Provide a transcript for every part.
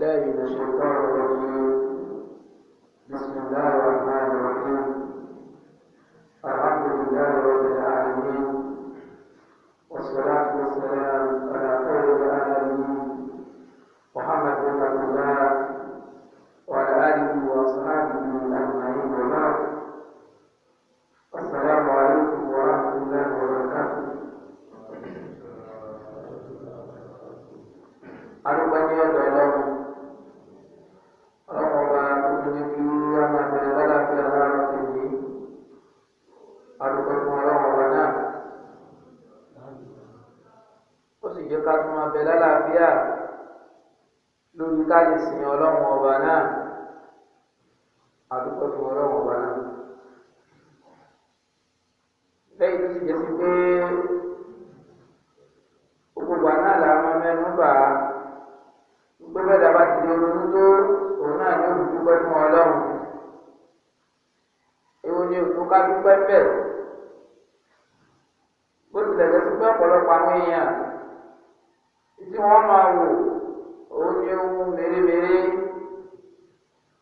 بالله من الشيطان الرجيم ká dúpẹ́ bẹ̀ bó tilẹ̀ jẹ́ sí pé ọ̀pọ̀lọpọ̀ àwọn èèyàn tí wọ́n máa wò òun ni ohun mèremère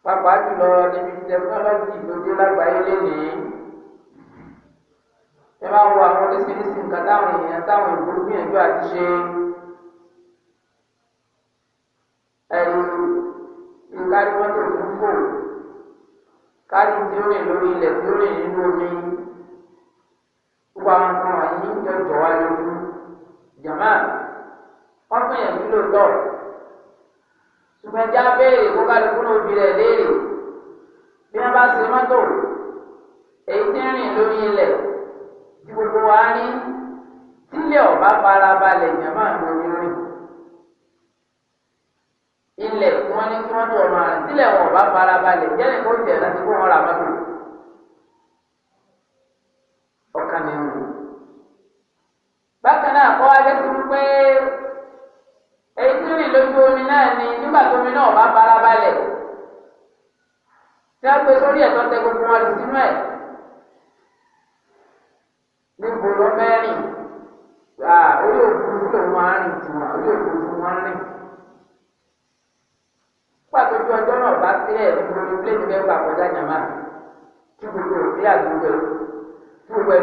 pàápàá jùlọ níbi tẹkinọ́lọ́jì tó dé lágbàáyé lénìí ẹ máa wo àwọn oríṣiríṣi nǹkan táwọn èèyàn táwọn ìgboro gbìyànjú àti ṣe ẹ̀rù nǹkan tí wọ́n tó fún fòrò kárí tí ó rìn lórí ilẹ̀ tí ó rìn nínú omi gbogbo àwọn nǹkan wọ̀nyí ń jọjọ wá lójú jàmá wọn gbìyànjú lóòótọ́ ṣùgbọ́n ẹja béèrè kó kálukú náà bí rẹ̀ léèrè bí wọ́n bá ṣe mọ́tò èyí tí ń rìn lórí ilẹ̀ tí gbogbo wa ní tílé ọ̀bá farabalẹ̀ jàmá lórí rẹ̀ ilẹ̀ tí wọ́n ní kí wọ́n tó ọmọ rẹ̀ sílẹ̀ wọn bá farabalẹ̀ jẹ́nì kó tiẹ̀ láti kó wọn ra mọ́tò. ọ̀kan nínú. bákan náà kọ́ adé ti ń pé èyí tí rìn lójú omi náà ni nígbà tó omi náà bá farabalẹ̀. tí wọ́n pe sórí ẹ̀tọ́ tẹ gbogbo wọn lù sínú ẹ̀. mi ò ní àdúgbò tí gbogbo ẹ̀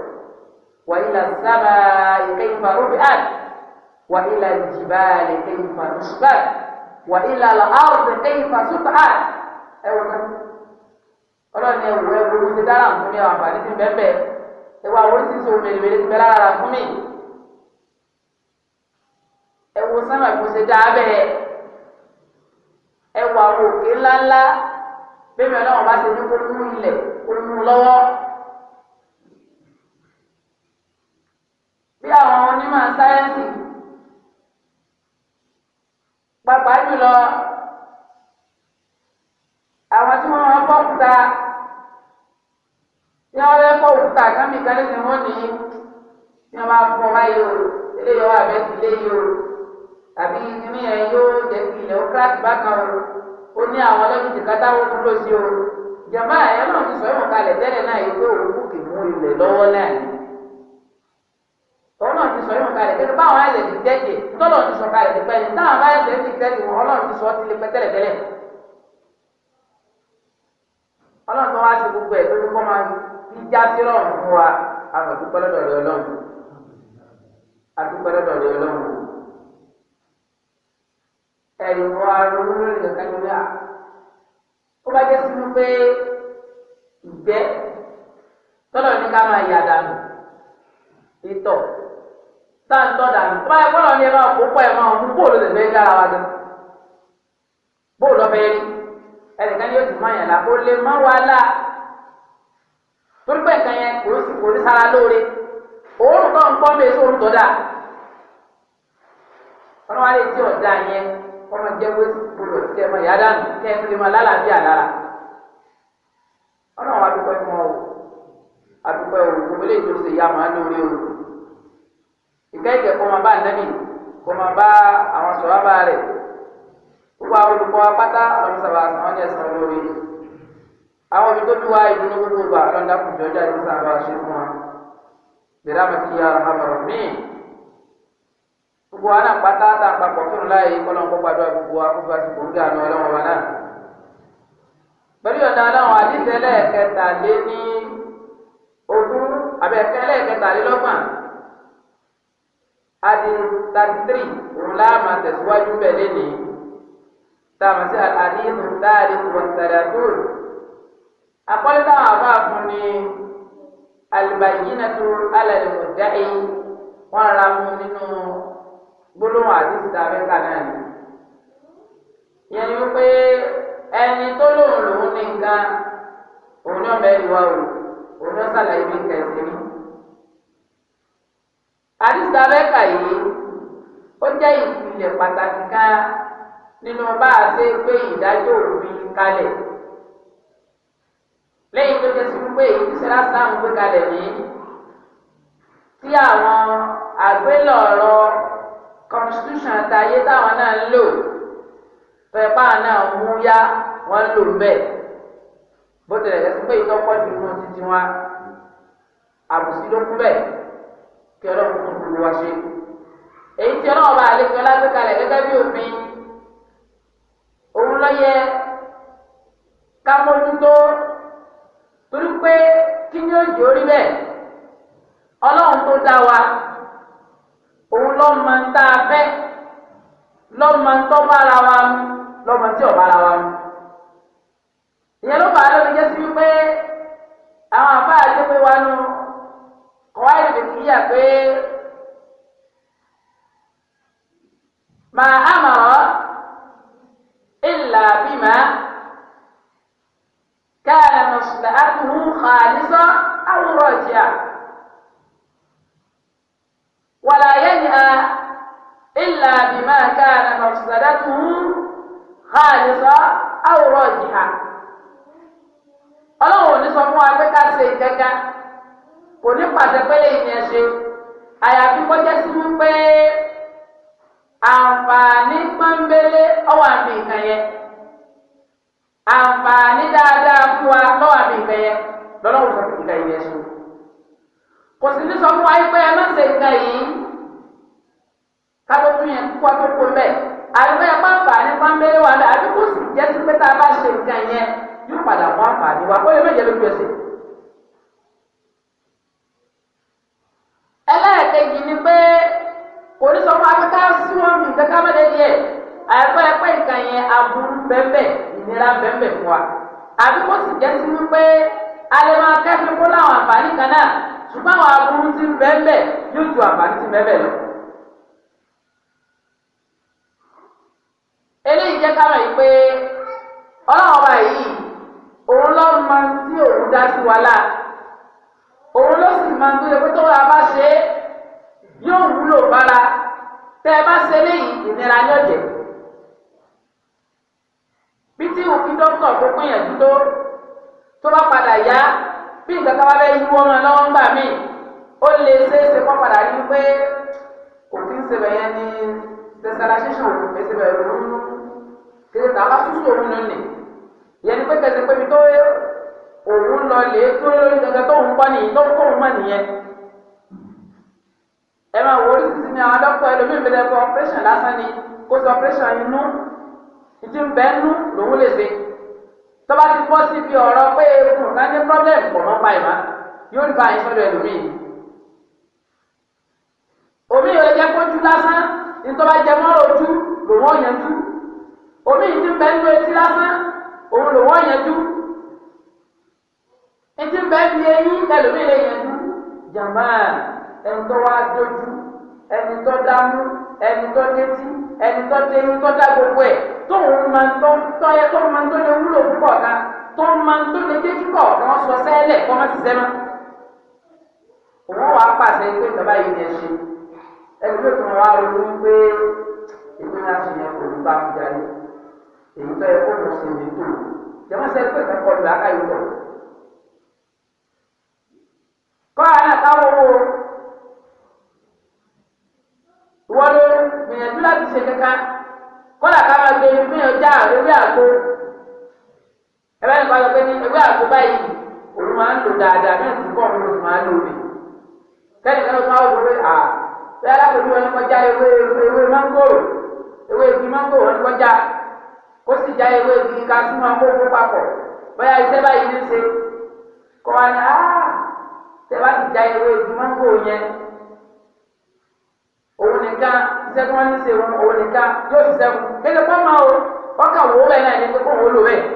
وإلى السماء كيف رفعت وإلى الجبال كيف نصبت وإلى الأرض كيف سطحت أيوة ọlọ́run ẹ wò ẹ wò wíṣẹ dára fún mi àwọn àǹfààní ti bẹ́ẹ̀ ẹ wò àwọn oríṣiríṣi ohun mèremère ti bẹ lára fún mi ẹ wò sánmà ṣe dáa bẹ́ẹ̀ ẹ àwọn òkè ńláńlá bẹ́ẹ̀ mi ọlọ́run bá ṣe ní kó ilẹ̀ kó lọ́wọ́. bí àwọn onímọ̀ sáyẹ́ǹsì pàápàá jùlọ àwọn tí wọ́n máa bọ́ òkúta tí wọ́n fẹ́ fọ́ òkúta ní wọ́n máa fọ́ o eléyìí wà bẹ́ẹ̀ sí o tàbí kíní yẹn yóò jẹ́ kí ilẹ̀ ó kíláàsì kan o ó ní àwọn kátà sí o ẹ̀yọ́ náà ti sọ ìwọ̀n kalẹ̀ tẹ́lẹ̀ náà yìí pé ìsọ̀kalẹ̀ tẹ́lẹ̀ báwọn ayẹyẹ ti tẹ́jẹ̀ tọ́lọ̀ ti sọ̀kalẹ̀ ti pẹ́yìn táwọn bá ẹsẹ̀ ti tẹ́jẹ̀ wọn ọlọ́run ti sọ ọ́ ti lè pẹ́ tẹ́lẹ̀ tẹ́lẹ̀ ọlọ́run tó wá sí gbogbo ẹ̀ lórí kọ́ máa ń já sí lọ́rùn fún wa àwọn àdúgbò lọ́dọ̀ rẹ ọlọ́run àdúgbò lọ́dọ̀ rẹ ọlọ́run ẹ̀rù wọn arúgbó lórí kankan lórí à ó bá jẹ́ sínú pé ìgbẹ́ tọ́lọ̀ ní ká máa yà dànù ìtọ̀ táǹtọ́ dànù tó bá yẹ kọ́lọ́ ní ẹ bá kó pọ̀ ẹ̀ máa ń bóòlù lè fẹ́ dára wa gan bóòlù ọ̀fẹ́ yẹn ẹnìkan yóò ti máa yàn lá kó lè má wá lá torí pé nǹkan yẹn kò sí kò ní sára lóore òórùn náà ń pọ́n bẹ́ẹ̀ sóòrùn tó dáa ọlọ́wọ́ alẹ́ tí ọ̀dà yẹn ọmọ jẹ́ pé gbọdọ̀ tẹ ọmọ ìyá dànù kẹ́ ẹ fi lè máa lálàáfíà lára ọlọ́wọ́ adúpẹ́ fún ọ àdúpẹ́ òògùn ilé ìkẹ́kẹ́ kọ́ máa bá ànábì kọ́ máa bá àwọn sọ̀rọ̀ bá rẹ̀ gbogbo àwọn olùkọ́ apáta ọlọ́mọsàbà àwọn ní ẹ̀sán olórí àwọn òbí tó bí wá ìdúró gbogbo gbà lọ́dà kù jọjá ìlú sàbà ṣe fún wa bẹ̀rẹ̀ àmọ́ ti míì gbogbo tá a papọ̀ fún láàyè kọ́lọ́nkọ́ gbàdúrà gbogbo wa náà adin tatiri rulama tẹ̀síwájú bẹ̀lẹ́ ni tàmásí àdínù dáàrí wọ̀tàdàdúr àkọ́lé táwọn àbá fún ni alibayinatu alalimodayi wọn ra mu nínú gbólóhùn àdìsí tàbí kanáà ni yẹn ni pé ẹni tó lóun lòun ní nǹkan òun ní ọmọ ẹni wá o òun ní ọsàlàyé bí nǹkan àdìsí abẹ́ka yìí ó jẹ́ ìpìlẹ̀ pàtàkì kan nínú bá a ṣe gbé ìdájọ́ òfin kalẹ̀ lẹ́yìn tó jẹ́ sí wípé ìṣẹ́lá sáà ń gbé kalẹ̀ ní tí àwọn àgbélọ̀rọ̀ constitution àtàyé táwọn náà ń lò pẹ̀pá náà mú yá wọ́n lò bẹ́ẹ̀ bó tilẹ̀ jẹ́ sí pé ìtọ́pọ̀ jù wọn títí wọn àbùsí ló kú bẹ́ẹ̀ kí ọlọ́run kò gbogbo wa ṣe èyí tí ọlọ́run bá àlejò ọlágbé kalẹ̀ gẹ́gẹ́ bí òfin òun lọ yẹ ká mójútó torí pé kí ni ó jò rí bẹ́ẹ̀ ọlọ́run tó dá wa òun lọ́ọ́ máa ń tá a fẹ́ lọ́ọ́ máa ń tọ́ bára wa lọ́ọ́ máa ń tí ọ̀ bára wa mu. ẹlẹ́ẹ̀kejì ni pé oníṣọ́ fún akẹ́kọ̀ọ́ sí wọn bí nǹkan kámẹ́lẹ́ díẹ̀ àyẹ̀kọ́ ẹ̀pẹ́ nǹkan yẹn aburú bẹ́ẹ̀ ìnira bẹ́ẹ̀ fún wa àbí kó sì jẹ́ sí wípé alẹ́ máa kẹ́fín kó láwọn àǹfààní kan náà ṣùgbọ́n àwọn aburú ti ń bẹ́ẹ̀ yóò ju àǹfààní ti bẹ́ẹ̀ lọ. eléyìí jẹ́ ká mọ̀ yìí pé ọlọ́run ọba yìí òun ló máa ń tí òun dá sí wa láà òun ló sì máa ń tó lè pé tó wà bá ṣe é yóò wúlò fara tẹ́ ẹ bá ṣe léyìí ìnira ní ọ̀jẹ̀ bí tí òfin dókítà tó gbìyànjú tó tó bá padà yá bí nǹkan ká bá fẹ́ yí wọn lọ́wọ́ ńgbà míì ó lè ṣeéṣe kó padà rí pé òfin ṣe bẹ̀yẹn ní tẹsílásíṣàn òfin ṣe bẹ̀yẹn lóhùn kiri ta bá súsú òun lọ nì yẹn ni pé kẹsì pé mi tó òun lọ lè tó lórí gẹ́gẹ́ tó ń kọ́ nìyí tó ń kó òun mọ̀ nìyẹn ẹ máa wò oríṣiríṣi ní àwọn dókítà ẹlòmíín bẹ̀rẹ̀ fún ọpẹ́rẹ́ṣàn lásán ni kó sọ ọpẹ́rẹ́ṣàn inú ìdí ń bẹ́ẹ̀ nú lòún lè ṣe tọ́ba ti bọ́ síbi ọ̀rọ̀ pé ewu kan ní pọ́blẹ́mù pọ̀ mọ́ báyìí má yóò rí báyìí sọ́dọ̀ ẹlòmíì omi yóò jẹ́ kójú lásán nítorí jẹ mọ́rọ̀ ojú lòun ọ̀yẹ́jú omi yìí ti ń bẹ nínú etí lásán òun lòun ọ̀yẹ́jú etí ń bẹ bí eyín ẹlòmíì lè yẹjú jàmbá ẹni tó wá dojú ẹni tó dánú ẹni tó détí ẹni tó déyín tó dá gbogbo ẹ̀ tó ń máa tó tọ́ ẹ tó máa tó lè wúlò púpọ̀ ká tó máa tó lè dé kíkọ̀ wọn sọ sẹ́lẹ̀ kọ́ má ṣiṣẹ́ mọ́. òun wàá pàṣẹ pé bàbá yìí ni ẹ ṣe ẹni tó tún wá ronú pé ìpínlẹ̀ àti ìyẹn kò ní bá mi jáde èyí tó yẹ kó lọ sí ìdí tó jẹ́wọ́n sẹ́ pé ìfẹ́kọ̀ọ́ lù á káyọ̀ lọ. kọ́ àyà táwọn owó ìwọ ló gbìyànjú láti ṣe kankan kọ́lá ká máa gbé gbìyànjú já ewé àgbo ẹ̀rọ ìfọ̀ àgbẹ̀ pé ní ewé àgbo báyìí òun máa ń lò dáadáa bí ẹ̀sìn bọ́ọ̀ ló máa ń lò rè kẹ́ni kan ló máa wọ pé à alákòóso wọn ni wọ́n já ewé ewé ewé wọn ni wọ́n já kó sì já ewé òun nìkan iṣẹ́ tí wọ́n ní ṣe wọn òun nìkan yóò ṣiṣẹ́ wọn gbẹ́sẹ̀ pọ́n o ọkà wò ó bẹ́ẹ̀ náà ní pé kóun ó lò bẹ́ẹ̀.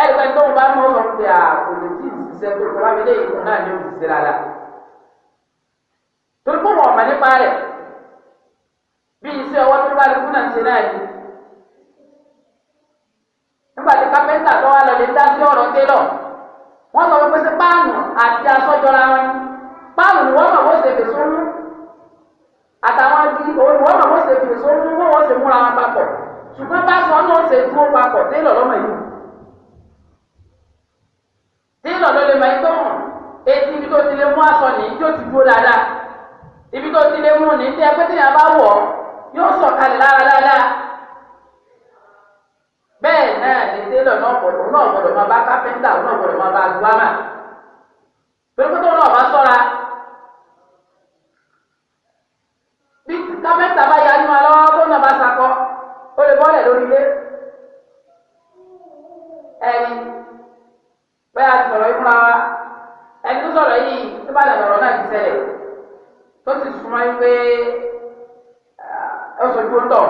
ẹ̀rí pẹ́ tóun bá mú ọkàn pé àkò lè tí ì ṣiṣẹ́ tó kọ́ wá mi lé ìlú náà ní òun ṣiṣẹ́ rárá. torí pé wọn ọ̀mà nípa rẹ̀ bí iṣẹ́ ọwọ́ tó bá lè kún náà ṣe náà ni. nígbà tí kápẹ́ńtà tó wá lọ lè dá sí ọ̀rọ̀ télọ̀ wọ́n sọ pé pé sí páànù àti asọ́jọ́ra wọn páànù wọ́n mọ̀ wọ́n ṣe fèsò mú àtàwọn igi olùwọ́n náà wọ́n ṣe fi èso mú wọ́n wọ́n ṣe múra wọn papọ̀ ṣùgbọ́n bá sọ náà ṣe dúró papọ̀ tẹ́lọ̀ lọ́mọ yìí tẹ́lọ̀ ló lè máa tó hàn etí ibi tó ti lè mú aṣọ nìyí tó ti dúró dáadáa ibi tó ti lè mú ní tẹ́ pé tẹ́yà bá wọ̀ yóò sọ̀kalẹ̀ lára dáadáa bẹ́ẹ̀ náà ni tẹ́lọ̀ náà gbọ́dọ̀ náà gbọ́dọ̀ máa bá kápẹ́ńtà náà gbọ́dọ̀ máa bá àlùwámà pẹ̀lú pé tó náà bá sọ́ra káfíńtà bá yá nínú alọ́wọ́ tó nà bá sakọ ó lè bọ́lẹ̀ lórí ilé ẹni bẹ́ẹ̀ àti sọ̀rọ̀ yìí fúnra wa ẹni tó sọ̀rọ̀ yìí tó bá dàgbà ọ̀rọ̀ náà ti ṣẹlẹ̀ tó sì súnmọ́ yín pé ọ̀sọ̀ ojú ó tọ̀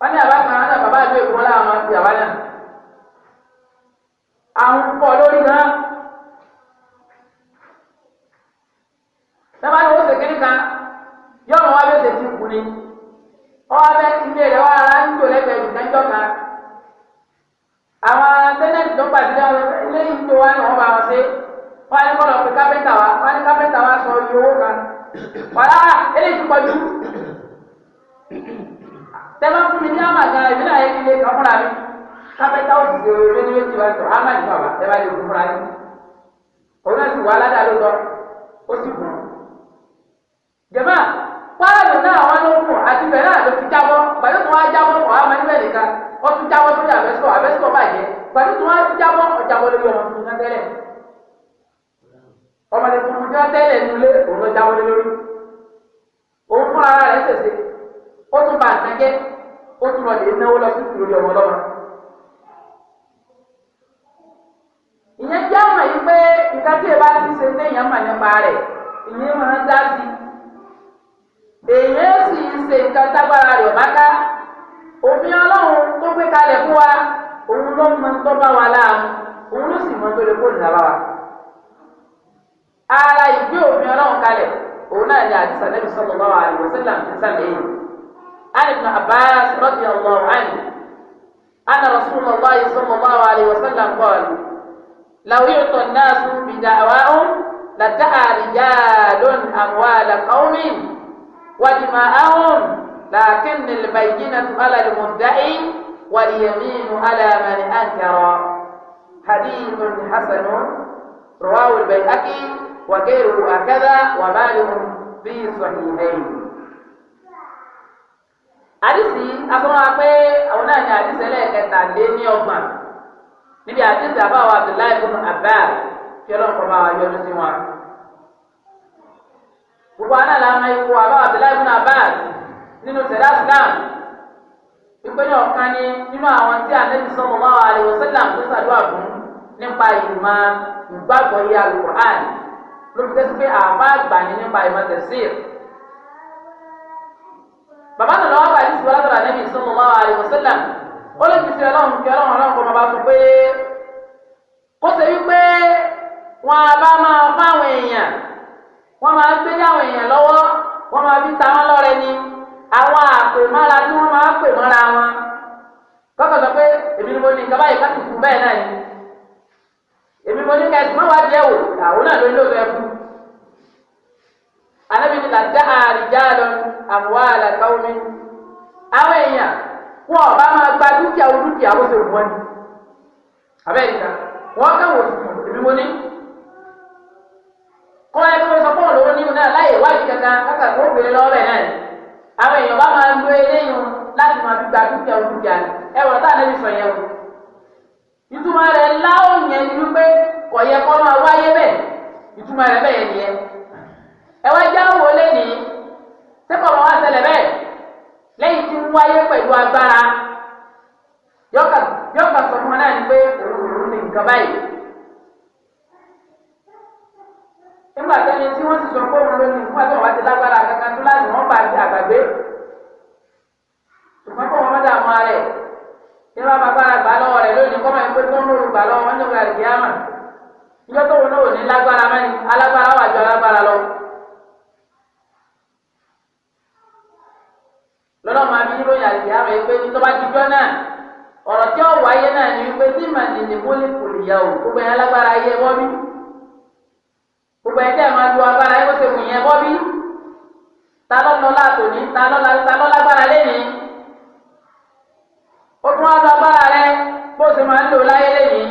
wọ́n ní àbá kan náà bàbá àti èkó láwọn máa ń fi àbá náà àwọn púpọ̀ lórí náà. sábà ní wọ́n ṣe kíní kan yọ̀ọ́ wọn wá bí ó ṣe ti kú ni ọwọ́ bẹ ilé rẹ̀ wá ara ń tò lẹ́gbẹ̀ẹ́ ìdájọ́ kan àwọn tẹ́lẹ̀tì tó gbàdúrà ilé ìtò wa ni wọ́n bá wọn ṣe wọ́n á ní kọ́ lọ pé kápẹ́ntà wa wọ́n á ní kápẹ́ntà wa sọ iye owó kan wàhálà eléyìí ti pọ̀jù tẹ́lẹ̀ fún mi ní àmàgà ìbílẹ̀ ayé ilé kan fúnra mi kápẹ́ntà ó sì ṣe oore lórí méjì wa sọ àmàgì bàbá tẹ́lẹ̀ ayé òkú fúnra mi òun náà sì wà aládàá ló sọ ó sì kùn jẹ̀mọ́ páàlù náà wọn ló kù àti bẹ̀rẹ̀ náà ló ti jábọ́ pẹ̀lú tó wá jábọ́ kọ̀ á máa níbẹ̀ nìkan wọ́n tún jábọ́ sórí àbẹ́sọ̀ àbẹ́sọ̀ bàjẹ́ pẹ̀lú tó wá jábọ́ ọ̀jábọ́ lórí ọmọ tuntun tẹ́lẹ̀ ọmọ tuntun tí wọ́n tẹ́lẹ̀ nulẹ̀ òun ló jábọ́ lórí òun fún ara rẹ̀ ṣèṣe ó tún bá nǹkan jẹ́ ó tún lọ lè náwó lọ sí lórí ọmọ lọ́mọ. ìyẹn jẹ́ àmọ̀ yìí pé nǹkan tí ì èèyàn sì ń ṣe nǹkan tágbára rẹ̀ bá ká òfin ọlọ́run tó gbé kalẹ̀ fún wa òun ló mọ tó bá wa láàmú òun ló sì mọ tó lè kóòdù náà bá wa. ara ìgbé òfin ọlọ́run kalẹ̀ òun náà ni àdìsá lẹ́bi bá wa sílẹ̀ àti sàlẹ̀ na abbas ودماءهم لكن البينة على المدعي واليمين على من أنكر حديث حسن رواه البيهقي وغيره هكذا ومالك في صحيحين àdìsí asọ́nà pé àwọn náà ní àdìsí ẹlẹ́ẹ̀kẹtàlélọ́gbọ̀n níbi àdìsí àbáwọ̀ Abdullahi ibn Abbas kí ọlọ́run kọ́ bá wa sí wọn. gbogbo àná ala ma ikú àbá abdullahi ibn abbas nínú islam ìpínlẹ̀ ọ̀kan ni nínú àwọn tí anabi sallallahu alaihi wasallam tó ṣàdúrà fún nípa ìmọ̀ ìgbàgbọ́ yìí ló fi pé àbá nípa ìmọ̀ tẹ̀síìr. bàbá nàlọ́ wà bá ìsìnkú alátọ̀rọ̀ anabi sallallahu alaihi wasallam ó lè fi sílẹ̀ lọ́hùn wọ́n máa gbé láwọn èèyàn lọ́wọ́ wọ́n máa fi ta wọ́n lọ́rẹ ni àwọn àpè mára ni wọ́n máa pè mọ́ra wọn kọ́kọ́ sọ pé èmi ni mo ní nǹkan báyìí káàkiri fún bẹ́ẹ̀ náà ni èmi mo ní ká ẹsùn mọ́wá jẹ́ wò àwọn náà ló ń lò fẹ́ fún anabi ni làdá àrídá lọ àbúwá àlàkáwọ́ mi àwọn èèyàn wọn ọba máa gba dúkìá olúkìá ó ṣe wọ́n ni abẹ́ẹ̀ká wọ́n kẹ́wọ̀n èmi mo ní. kọ́ ẹni tó sọ fóònù lówó nínú náà láyè wáyé kankan kọ́kà kó obìnrin lọ́wọ́ bẹ́ẹ̀ náà ni àwọn èèyàn bá máa ń lo eléyìí láti máa fi gba dúkìá olùdíjà ẹwọ̀n tá à lẹ́bi sọ yẹn o ìtumọ̀ rẹ̀ ńlá ó yẹn ni wípé yẹ kọ́ máa wáyé bẹ́ẹ̀ ìtumọ̀ rẹ̀ bẹ́ẹ̀ ẹ wá já wò máa wá bẹ́ẹ̀ lẹ́yìn tí ń wáyé pẹ̀lú agbára nígbà tó ní tí wọ́n sì sọ fóònù lónìí nígbà tó wọ́n ti lágbára kankan tó láti wọ́n bá àgbàgbé ṣùgbọ́n kó wọn mọ́tà mọ́ rẹ̀ ní wọ́n agbára gbà lọ́wọ́ rẹ̀ lónìí kọ́ máa ń pé tó ń lóru gbà lọ́wọ́ wọn ní ìwé àdìgí àmà ìjọ tó wọn náà ò ní lágbára mẹ́rin alágbára wà ju alágbára lọ. lọ́dọ̀ máa bí níròyìn àdìgí àmà yìí pé tó bá ti jọ náà ọ̀rọ̀ tí ó wáyé náà ni wípé tí màdìní wọlé kò gbogbo ẹjẹ máa lu agbára ẹ kó ṣe wù yẹn bọ́ bí ta lọ́lọ́lá tòní ta lọ́lágbára lẹ́yìn ó tún wá lọ agbára rẹ bó ṣe máa ń lò láyé lẹ́yìn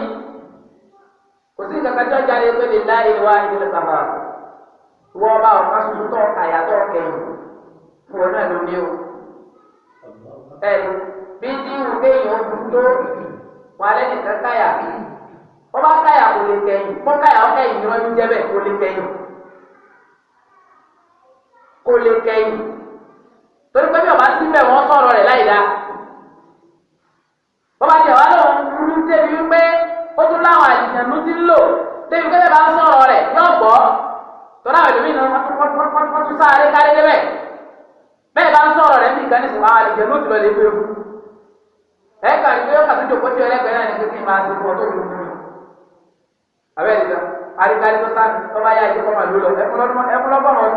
kò sí kankan tí wọ́n jáde pé lè láyé wá ìdílé bàbá wọ́n bá ọ̀ká tuntun tọ̀ àyàtọ̀ kẹyìn fún ọ náà ní o ẹ bí tí ń wù kéèyàn ó dúró wà lẹ́nìkan káyà bíi wọ́n bá káyà kò lè kẹ́yìn wọ́n káyà ọ̀kẹ́ yìí wọ́n ní jẹ́bẹ̀ kò lè kẹ́yìn kò lè kẹ́yìn torí pé bí ọba síbẹ̀ wọ́n sọ̀rọ̀ rẹ̀ láì dáa wọ́n bá jẹ̀ wá lóun ní débi wípé ó tún láwọn àjìjànú ti ń lò débi pé bẹ́ẹ̀ bá ń sọ̀rọ̀ rẹ̀ yóò gbọ́ tọ́lá àwọn ìlúmí náà wọ́n tún sáré kárí débẹ̀ bẹ́ẹ̀ bá ń sọ̀rọ̀ rẹ̀ nìkan ní sùn àwọn àjìjànú ti lọ lè gbé ewu ẹ̀ẹ́kà ìgbéyàwó kàtúndò kó tí ọlẹ́gbẹ̀ẹ́ náà ní kékeré máa ti pọ̀ tó lù ú abẹ́ ẹ̀dá àríkàlí tó sáà tọ́ba yá ìdí kọ́mà lólọ ẹkúlọ́gbọ̀n ọdún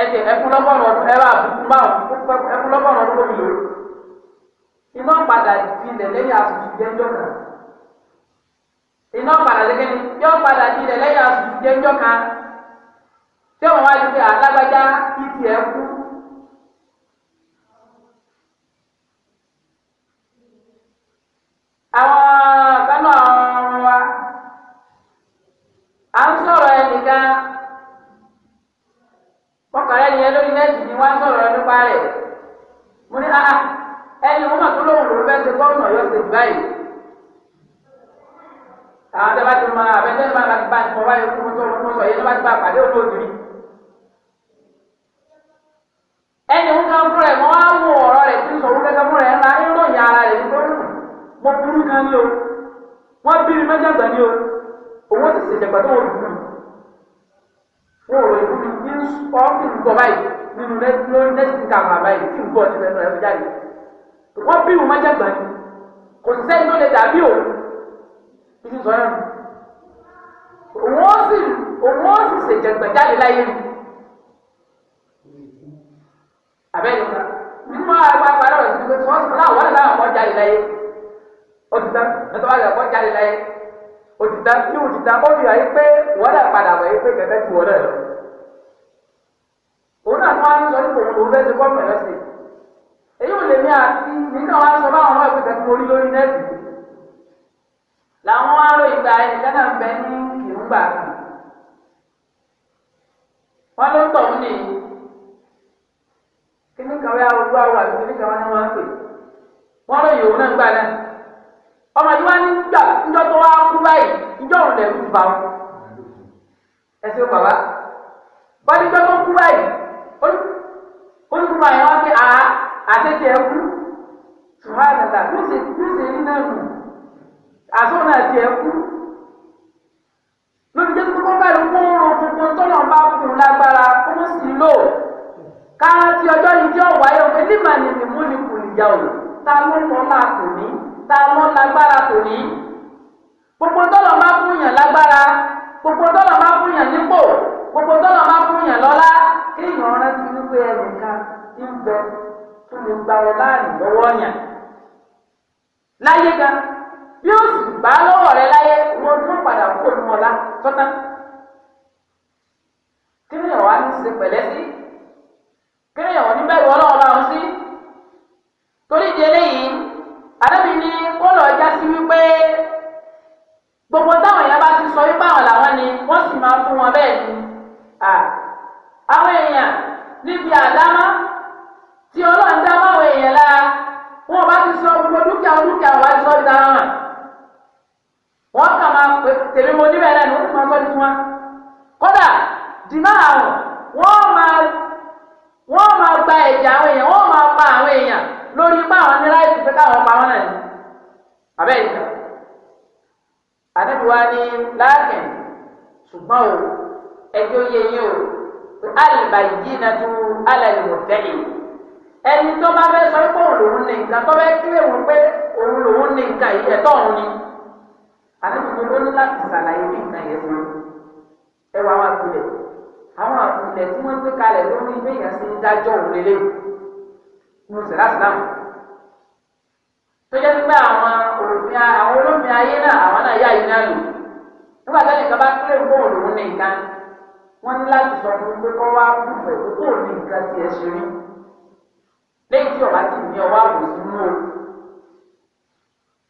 ẹ̀jẹ̀ ẹkúlọ́gbọ̀n ọdún ẹ bá bùkún bá wọn ẹkúlọ́gbọ̀n ọdún kóbi lòlù iná padà jinlẹ̀ lẹ́yìn àsùnjù jẹ́jọ́ kan iná padà lẹ́kẹ́ ni yọ padà jinlẹ̀ lẹ́yìn àsùnjù jẹ́jọ́ kan tí wọ́n wá yípe alágbájá ìtì ẹ̀ kú. àwọn á ẹni wọn máa tó lóhùn lòún fẹ́ ṣe gómìnà yọ ṣe báyìí. àwọn àtẹ̀bá ti máa àbẹ̀tẹ̀ máa láti bá ìfọ̀ wáyé fún mi tó mo sọ yé ló bá ti bá pàdé òun lòdì rí. ẹni wọn kan fúnra ẹ̀ mọ́ wá wọ ọ̀rọ̀ rẹ̀ tí sọ̀rọ̀ kẹ́kẹ́ fúnra ẹ̀ ńlá ìròyìn ara rẹ̀ nígbà wọn burú kan ní o wọn bí mi mẹ́jàgbá ní o òun ó sì ṣèjàgbá tó wọn dùn ún wọn ò rò nínú lẹ́sìn tá a máa báyìí tí ń bọ̀ nínú ẹnu ẹ̀rọ jáde wọ́n bí ìwọ̀n májàgbà ni kò sí sẹ́yìn tó lè dàbí òun títí sọ ẹ̀rù òun ó sì òun ó sì ṣèjẹ̀gbẹ̀ jáde láyé mi àbẹ́yẹ ká nínú àwọn agbára rẹ̀ sí pé sọ́ọ́sì láwọn aláwọ̀ kọ́ jáde láyé ó ẹ̀tọ́ wà lẹ́kọ́ jáde láyé òtítà tí òtítà ó rí àyè pé wọ́n dà padà wọ̀ yìí pé kẹ̀kẹ́ ti wọ̀ náà lọ òun náà tó wá ń sọ nípa òun òun fẹ́ ṣe gọ́ọ̀mù ẹ̀lẹ́sìn èyí ò lè ní àti nínú àwọn aṣọ báwọn ọmọ ìpínlẹ̀ tó rí lórí nẹ́ẹ̀tì làwọn arọ ìgbà ẹnìkan náà bẹ ní ìrúgbà wọn ló tọ̀ ń nì kíní kan wẹ́ arúgbó àwọn àti kíní kan wọn ni wọ́n ń pè wọ́n lọ yòówù náà gbà náà ọmọ yìí wá ní gbà níjọ́ tó wá kú báyìí níjọ́ òun lẹ̀ ń bá wọn ẹ̀sìn bàbá bọ́dí tó tó kú báyìí olùkọ́ àyẹ̀ wá pé àá àtẹ̀tẹ̀ ẹ̀ kú ṣùgbọ́n yóò ṣe yóò ṣe rí náà nù àtúnà àti ẹ̀ kú lórí jẹ́ kókó báyìí kó ń ro gbogbo tọ́nà bá kùn lágbára kó sì lò kára ọjọ́ yìí jẹ́ ọ̀wáyé òfin nígbà nìyí mú ni kù níyà ò ta ló mọ́ máa kù ní ta ló lágbára kù ní gbogbo tọ́nà bá fún yàn lágbára gbogbo tọ́nà bá fún yàn nípò gbogbo tọ́nà bá fún yàn lọ́lá kéèyàn rántí wípé ẹnìkan ti ń bẹ tó lè gba ọ láàrin lọ́wọ́ yàn láyé gan bí ó sì bá lọ́wọ́ rẹ láyé wọn tún padà kó nu ọ̀la tọ́tà kéèyàn wá ní ṣe pẹ̀lẹ́ sí kéèyàn wọ́n níbẹ̀rù ọlọ́run bá wọn sí torí di eléyìí àdébí ni kó lọ́ọ́ já sí wípé. lásìlámù tó jẹ́ pé àwọn olùfin àwọn olófin ayé náà àwọn náà yá iná lò nígbà tó nìkan bá kílè ń bóun lòún ní nǹkan wọ́n ní láti sọ fún un pé kọ́ wá kú pẹ̀lú bóun ní nǹkan tiẹ̀ ṣe rí lẹ́yìn tí ọba ti ní ọwọ́ àbòsí mú o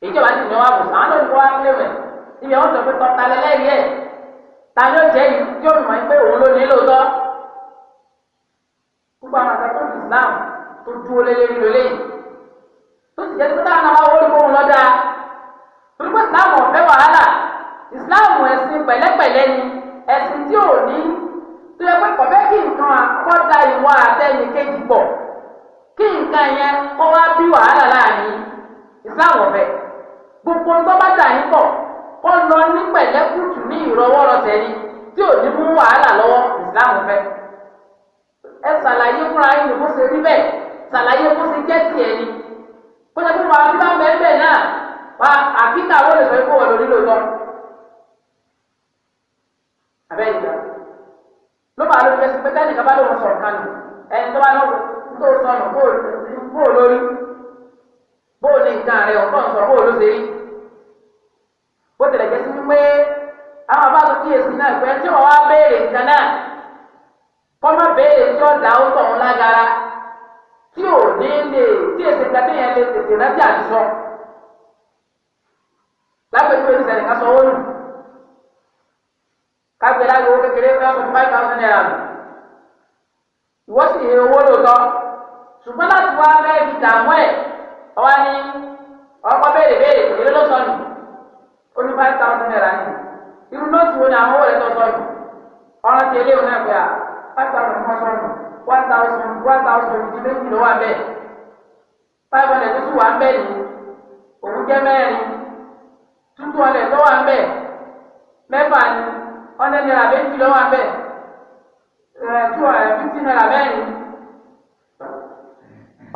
èyí tí ọba ti ní ọwọ́ àbòsí àwọn olùkọ́ wa kílè mẹ́ ibi àwọn sọ pé tọ́ta lẹ́lẹ́yẹ ta ló jẹ́ yìí tí ó mọ̀ pé òun ló nílò tọ́ gbogbo àwọn àgbàdo Islam tó dúró lé lérí lólé yìí tó sì jẹ́ pé táwọn náà wọ́n wọ́n lọ́wọ́ lọ́dà torí pé ìsìláàmù ọ̀fẹ́ wàhálà ìsìláàmù ẹ̀sìn pẹ̀lẹ́pẹ̀lẹ́ ni ẹ̀sìn tí ò ní tó yẹ pé kọ̀fẹ́ kí nǹkan àkọ́ta ìwọ àtẹnì kejì pọ̀ kí nǹkan yẹn kọ́ wá bí wàhálà láàrin ìsìláàmù ọ̀fẹ́ gbogbo ń tọ́ dà yín pọ̀ kọ́ lọ ní pẹ̀lẹ́kùtù ní ìrọwọ́rọsẹ̀ ni tí ò ní mú wàhálà lọ́wọ́ ìsìláàmù ọ̀fẹ́ ẹ ṣàlàyé fúnra yín ni ṣe rí bẹ́ẹ̀ ṣàlàyé bó ṣe jẹ́ tiẹ̀ ni bó ṣe fún wa bí wọ́n bẹ́ẹ̀ bẹ́ẹ̀ náà wa àkíkà wọ́n lè sọ pé wọ́n lò nílò lọ. abẹ́rẹ́ ìgbà ló máa ló fi ẹsẹ̀ pé tẹ́lẹ̀ kábàlẹ̀ wọn sọ̀rọ̀ kánú ẹni tó bá lọ́wọ́ tó sọnù bó lórí bó ní nǹkan rẹ̀ ọ̀pọ̀ sọ̀rọ̀ bó ló ṣe rí bó tilẹ̀ jẹ́ sí wípé àwọn bá tó kíyèsí náà pé tí wọ́n wá béèrè nǹkan náà kọ́ má béèrè tí ó dà ó tọ̀ ń lágara tí o ní lè tí èsì ìtàkì yẹn lè tètè rántí àtisọ lápẹjúwe ní sẹnìkan sọ owó nù kágbé lágbo owó kékeré fún ọsùn five thousand naira nù ìwọ sì hẹ owó lòótọ́ ṣùgbọ́n láti wá bẹ́ẹ̀ fi dààmú ẹ̀ ọwọ́ ni ọkọ béèrè béèrè èlé ló sọ nù ó ní five thousand naira nù irú nóòtù wo ni àwọn owó rẹ̀ tó sọ ọ̀rọ̀ ti eléwọ̀n náà gbé à five thousand naira sọ one thousand one thousand di méjì ló wà bẹ́ẹ̀ five hundred tó sì wà bẹ́ẹ̀ ni òun jẹ́ mẹ́rin two hundred tó wà bẹ́ẹ̀ mẹ́fà ni hundred naira méjì ló wà bẹ́ẹ̀ eh, two hundred fifty naira mẹ́rin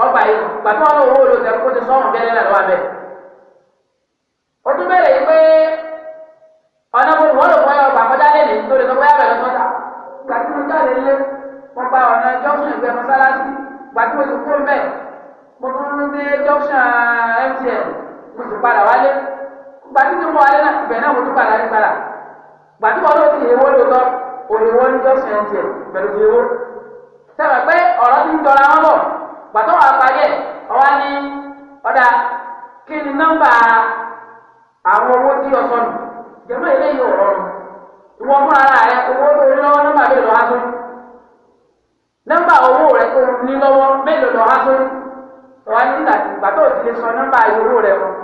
ọgbà yìí gbàtọ́ owó olóòtú ẹ̀kọ́ ti sọ́run bẹ́ẹ̀ náà ló wà bẹ́ẹ̀ o tún bẹ̀rẹ̀ yìí pé. padà wálé gbàtí tó mọ wálé náà ibẹ̀ náà mo tún padà yí padà gbàtí wọn ló ti èèwọ̀ ló tọ́ òyìnbó ní jọ́sìn ẹ̀ tiẹ̀ pẹ̀lú ti èèwọ̀ sẹ́wọ̀n pé ọ̀rọ̀ ti ń dọ́ra wọn bọ̀ gbàtọ́ wà parí ẹ̀ ọwọ́ ní ọ̀dà kí ni nọ́mbà àwọn owó tí ọ̀sán nù jẹ́mọ́ eléyìí ò rọrùn ìwọ fún ara rẹ owó tó ní lọ́wọ́ nọ́mbà mélòó wá sórí nọ́mbà owó rẹ tó ní lọ́wọ́ mélòó lọ́wọ́ sórí ọ̀wá nígbà tó ti lè sọ nọ́mbà owó rẹ wọn.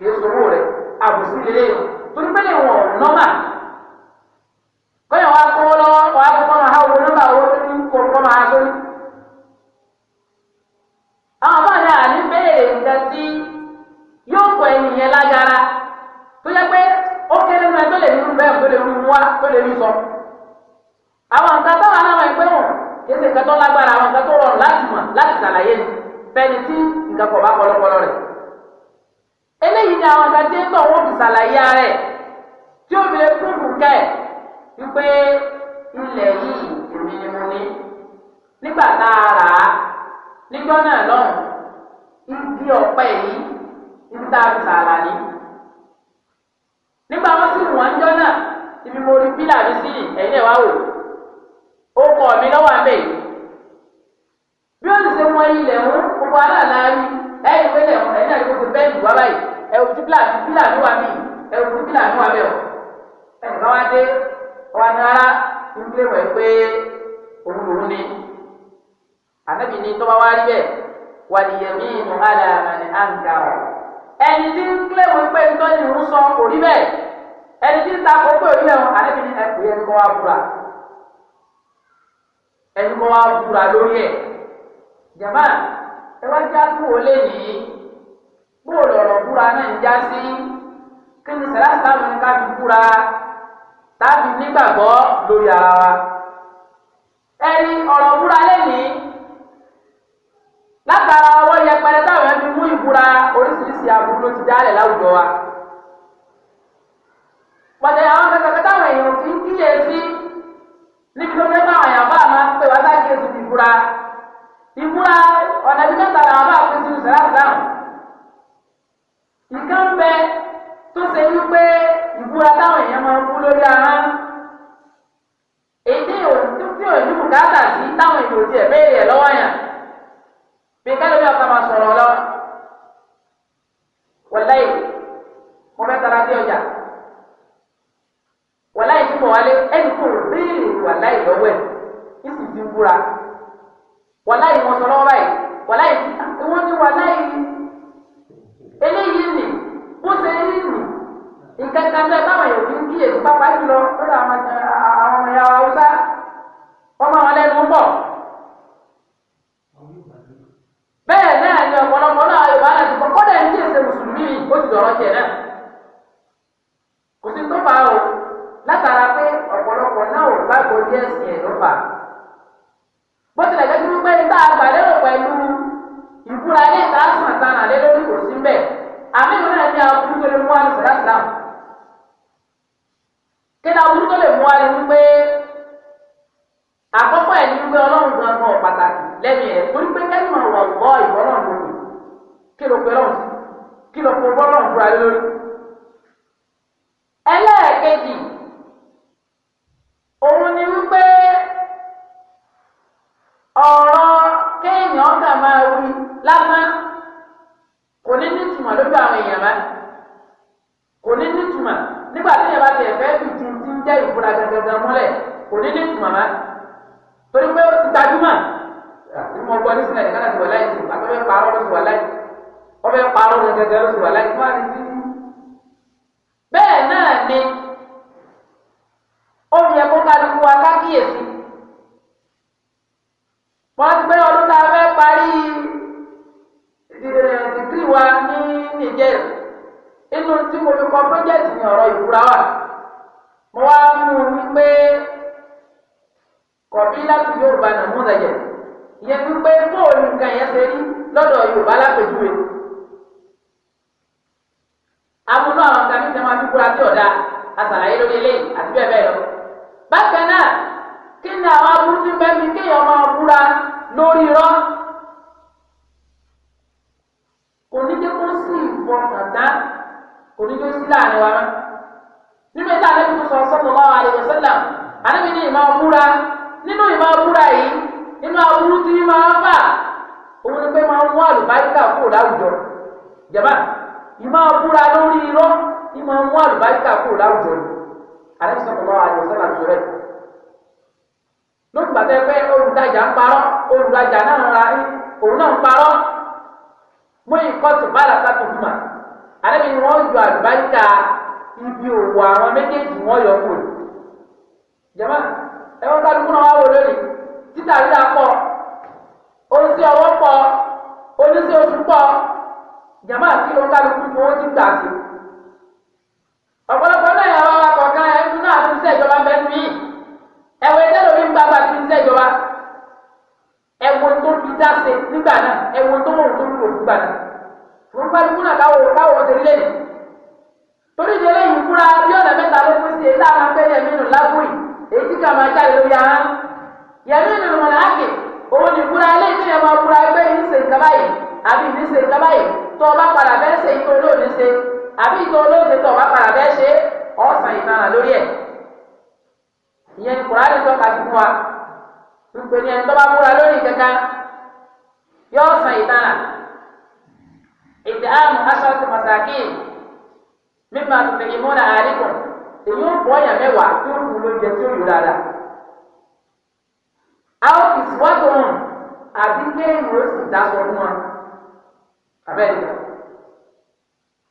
kì í a rẹ̀ àbùsí lélẹ̀ torí pé lè wọ̀ nọ́mà kọ́yọ̀ wá kó lọ́wọ́ wá kó kọ́ máa ha owó nọ́mà ha tó ní kó kọ́ máa àwọn bá ní àní béèrè nǹkan yóò pọ̀ lágara tó yẹ pé ó kéré náà tó lè ní bẹ́ẹ̀ tó lè ní wá tó lè ní sọ. àwọn nǹkan nǹkan tó lágbára àwọn nǹkan tó rọrùn láti mọ̀ láti ṣàlàyé ni tí eléyìí ni àwọn àgbà tí ń tọ̀ wọ́n fi ṣàlàyé ara ẹ̀ tí obìnrin kúrú kẹ́ ẹ̀ wípé ilẹ̀ yìí èmi ni mo ní nígbà a náà lọ́hùn ibi ọ̀pẹ yìí ń tá a fi ṣàlà ní. nígbà wọn sì wọ́n jọ́ náà ibi mo rí pílà sí ẹ̀yìn ẹ̀yìn pẹ̀lẹ́ ẹ̀wọ̀n ẹ̀yìn náà yóò fi bẹ́ẹ̀lì wá báyìí ẹ̀wù tí pílàní wà mí tí wà bá wá dé wà ni ànábì ni tó wá rí bẹ́ẹ̀ wà ní yẹmí inú ẹni tí ń pé sọ òrí bẹ́ẹ̀ ẹni tí ń ta kó pé òrí bẹ́ẹ̀ ànábì ni yẹn kọ́ ẹ wá já kúrò léyìí bóòlù ọ̀rọ̀ búra náà ń já sí kí ni sàrà sàmù ní ká fi búra tàbí nígbàgbọ́ lórí ara wa ẹni ọ̀rọ̀ búra léyìí látara ọwọ́ yẹpẹrẹ táwọn ẹni mú ìbúra oríṣiríṣi aburú ló ti dálẹ̀ láwùjọ wa pàtẹ àwọn kẹkẹkẹ táwọn èèyàn fi ń kíyèsí níbi tó fẹ́ bá àwọn èèyàn bá máa ń pè wá sáà kíyèsí ìbúra ìmúra ọ̀nà tí mẹ́ta làwọn bá fi sí ìṣẹ̀lá ìsìlámù nǹkan bẹ tó ṣe wípé ìmúra táwọn èèyàn máa ń kú lórí ara èyí tí ò ní bùkátà sí táwọn èèyàn ò tiẹ̀ béèrè ẹ̀ lọ́wọ́ yàn bí kálíbí ọ̀tá máa sọ̀rọ̀ lọ wọ̀láyé mo fẹ́ tara dé ọjà wọ̀láyé tí mo wálé ẹnì kò béèrè wọ̀láyé lọ́wọ́ ẹ̀ ní sì ti wàláyé wọn sọ lọ́wọ́ báyìí wàláyé wọn ní wàláyé eléyìí nì bó ṣe rí nì nǹkan kan tẹ báwọn yòó fi ń kíyèsí pápá jùlọ lọ́dọ̀ àwọn ọmọ ìyá haúsá wọ́n máa wọn lẹ́nu pọ̀ bẹ́ẹ̀ náà ni ọ̀pọ̀lọpọ̀ náà yorùbá náà ti kọ́ kọ́dà ní kí èsè mùsùlùmí ó ti dọ̀rọ̀ tiẹ̀ náà kò sí tó bá o látara pé ọ̀pọ̀lọpọ̀ náà ò gbàgbọ́ díẹ̀ sí ẹ̀ ló fà bó pé tá a gbàlérò pẹ̀lú ìbúra ilé ìtàsùn àtàrà lé lórí kò sí mbẹ̀ àmì ìwé náà ní aburú tó lè mú wa ní sàlásàlám kí ni aburú tó lè mú wa ní wípé àkọ́kọ́ ẹ̀ ní wípé ọlọ́run gan gan pàtàkì lẹ́nu ẹ̀ torí pé kẹ́nu ọ̀wọ̀ gbọ́ ìbọn náà lónìí kí ló pe lọ́run kí ló pe bọ́lọ̀ fúra lórí. ẹlẹ́ẹ̀kejì òun ni wípé. gangan múlẹ̀ kò ní ní tùmọ̀ mọ́ torí pé ó ti gbajúmọ̀ ní mo gbọ́ ní sinai ní kánàtì wàláyé tì àbẹ́fẹ́ parọ́ ló ti wàláyé ọbẹ̀ parọ́ gangan ló ti wàláyé fún àdìsí. bẹ́ẹ̀ náà ni búra lórí irọ́ ní máa mú àlùbáríkà kúrò láwùjọ ni àdéhùn sọ̀rọ̀ àyẹ̀wò sọ̀rọ̀ rẹ̀ lóògbà tẹ́ pé olùtajà ń parọ́ olùrajà náà ra òun náà ń parọ́ mú ìkọ́tù bá làtà fún wa àdéhùn ni wọ́n yọ àlùbáríkà ibi òwò àwọn méjèèjì wọ́n yọ kúrò jẹ́mọ́ náà wá wò jàmá kí ló ń kálukú tí wọ́n ti gbà sí. ọ̀pọ̀lọpọ̀ náà yàrá wa kọ̀ọ̀kan ẹnu náà ti ń ṣèjọba bẹ́ẹ̀ mí. ẹ̀wọ̀n ẹ̀dẹ́ lórí ń gbàgbà ti ń ṣèjọba. ẹ̀wọ̀n tó ti dá ṣe nígbà náà ẹ̀wọ̀n tó mọ̀ tó lò nígbà náà. wọ́n kálukú náà káwọ̀ káwọ̀ ọ̀sẹ̀ nílé ni. torí ìdílé yìí kúra bí ọ̀nà mẹ́ta ló pín sí èyí táwọn afẹ́ yẹmí nù lágùrì èyí tí kàmá jáde lórí ara yẹmí nù mọ̀nà ákè òun nìkúra ilé ìdílé máa kúra ẹgbẹ́ yìí ń ṣe nǹkan báyìí àbí ní ṣe nǹkan báyìí tó o bá padà bẹ́ẹ̀ ṣe ìtò olóòní ṣe àbí ìtò olóòní tó o bá padà bẹ́ẹ̀ ṣe ọ̀sán ìtara lórí ẹ̀ ìyẹn ní kùránì tọ́ka sí fún wa ń pè ní ẹni tó bá múra lórí kankan yọ ọ̀sán ìtara ètò àmì aṣáájú pàtàkì mímọ àtúntò ìmúra àríkù èyí ń bọ́ ọ̀yàn mẹ́wàá tí ó kù lóúnjẹ tí ó yù dáadáa. àwọn ìsìwọ́tò hàn àbí kéèyàn ó sì dá sọ fún wa abẹ́rẹ́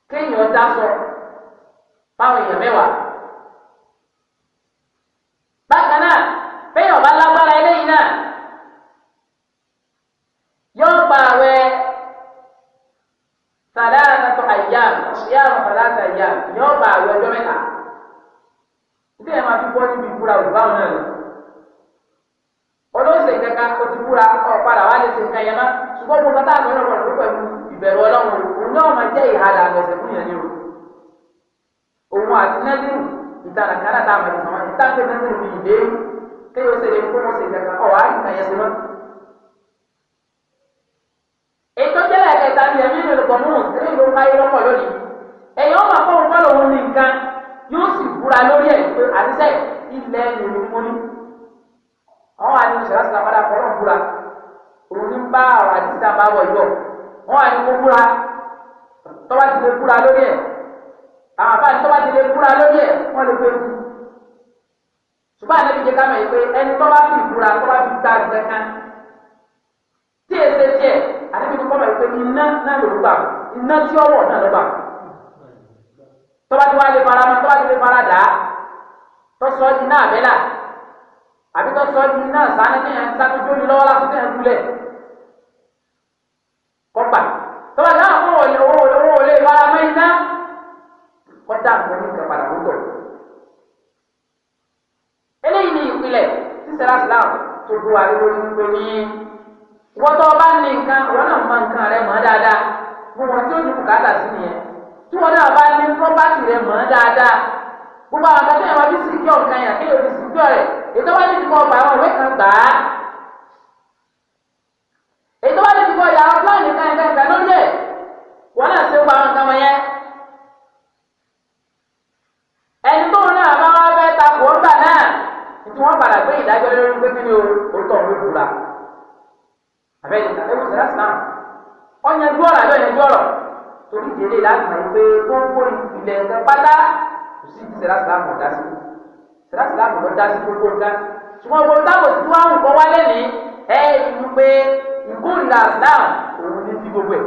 kéèyàn dáṣọ fáwọn èèyàn mẹ́wàá bákan náà bẹ́ẹ̀ ọba lágbára eléyìí náà yóò gba àwẹ̀ sàdáàtàtọ̀ àyàm ṣíyàrá sàdáàtà àyàm yóò gba àwẹ̀ ọjọ́ mẹ́ta nítorí ẹ̀ máa fi bọ́ níbi ìbúra olùbáwọn náà olóòsè kankan o ti búra ọ̀ padà wá lè yẹn má ṣùgbọ́n mo kọ́tà àtọ́nà ọ̀rọ̀ ló pẹ̀lú ìbẹ̀rù ọlọ́run òun náà máa jẹ́ ìhàlà àgbẹ̀sẹ̀ fún yẹn ní o òun àti nẹ́dínù ìtara kára tá a mọ̀ ìsọ̀mọ́ ìta pé nẹ́dínù fi ìdé kéwòn ṣe lè kó wọn ṣe ìjàkà ọ̀ wá ìtàn yẹn sí mọ́. ètò jẹ́lẹ̀ ẹ̀ka ni ẹ̀mí ìlú pọ̀ mú sílẹ̀ ló máa yẹ lọ́pọ̀ lónìí ẹ̀yàn ọmọ fọ́ọ̀mù fọ́lọ̀ òun ní nǹkan yóò sì búra lórí ẹ̀ pé àdísẹ́ ilẹ̀ ìlú múni àwọn àdìsẹ́ láti wọ́n wà ní kó búra tọ́ba ti lè búra lórí ẹ̀ àwọn àbá tọ́ba ti lè búra lórí ẹ̀ wọ́n lè gbé fún ṣùgbọ́n àlejò jẹ́ ká mọ̀ pé ẹni tọ́ba fi búra tọ́ba fi gbá gbẹ kan tí èsè tiẹ̀ àlejò tó kọ́mọ̀ pé iná náà ló gbà iná tí ọwọ́ náà ló gbà tọ́ba ti wá lè fara mọ́ tọ́ba ti lè fara dà á tọ́sọ iná àbẹ́là àbí tọ́sọ iná sànẹ́tẹ̀yàn sákòjó ni lọ́wọ́ lásìkò yẹn gúlẹ̀. kọ́pà tọ́ba náà fún owó olè fara mọ́ iná kọ́dà fún oníkẹ́ padà tó eléyìí ni ìpìlẹ̀ sísẹ́lá sílá tó bu àríwó nípe ní wọ́tọ́ bá ní nǹkan wọ́n náà rẹ̀ mọ́ dáadáa gbogbo bùkátà sí nìyẹn tí wọ́n náà bá ní pọ́pátì rẹ̀ mọ́ dáadáa gbogbo àwọn akẹ́kọ̀ọ́ yẹn sí ètò wájú ti kọ yàrá pílánì kankankan lórí ẹ̀ wọn náà ṣe pa àwọn kan yẹn. ẹni tó ń náà bá wá fẹ́ ta kò ń gbà náà tí wọ́n padà gbé ìdájọ́ lórí pé kí ni o tọ̀ ló kura. àbẹ́yẹn ìgbà ewu sẹ́yà sàn ọ̀yanjú ọ̀rọ̀ àbẹ́ ọ̀yanjú ọ̀rọ̀ torí ìdílé láti mọ̀ pé gbogbo ìpìlẹ̀ ẹ̀sẹ̀ pátá kò sí ti sẹ́yà sàn kò dá sí sẹ́yà sàn kò dá sí gbogbo nǹkan ṣùgbọ́n gbogbo táwọn òṣìṣẹ́ wa ń kọ́ wálé ní ẹ̀ ẹ́ ìlú pé ìbúlà islam òun ní ti gbogbo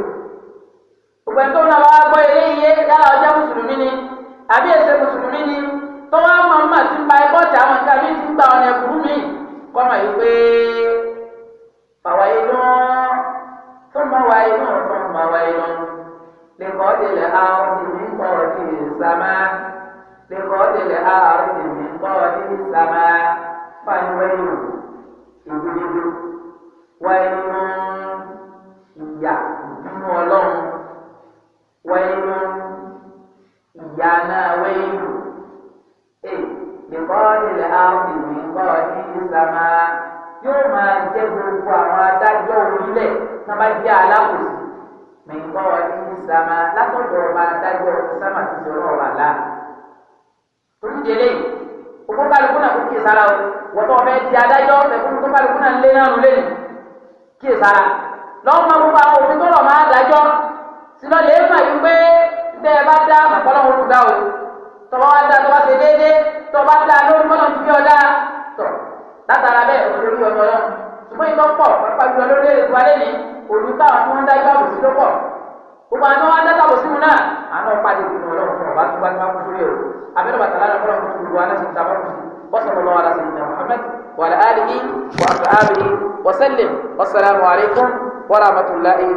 gbogbo tó ń lọ wá gbọ́ eléyìí yálà ọjọ́ mùsùlùmí ni àbí ẹsẹ̀ mùsùlùmí ni tó wá mọ̀ ń pa ẹgbọ́ tí àwọn nǹkan mi ti ń gba ọ̀nà ẹ̀kú mi yìí pé bàwá tó mọ̀ wá tó mọ̀ wá ìsàmá Lane عليكم ورحمة الله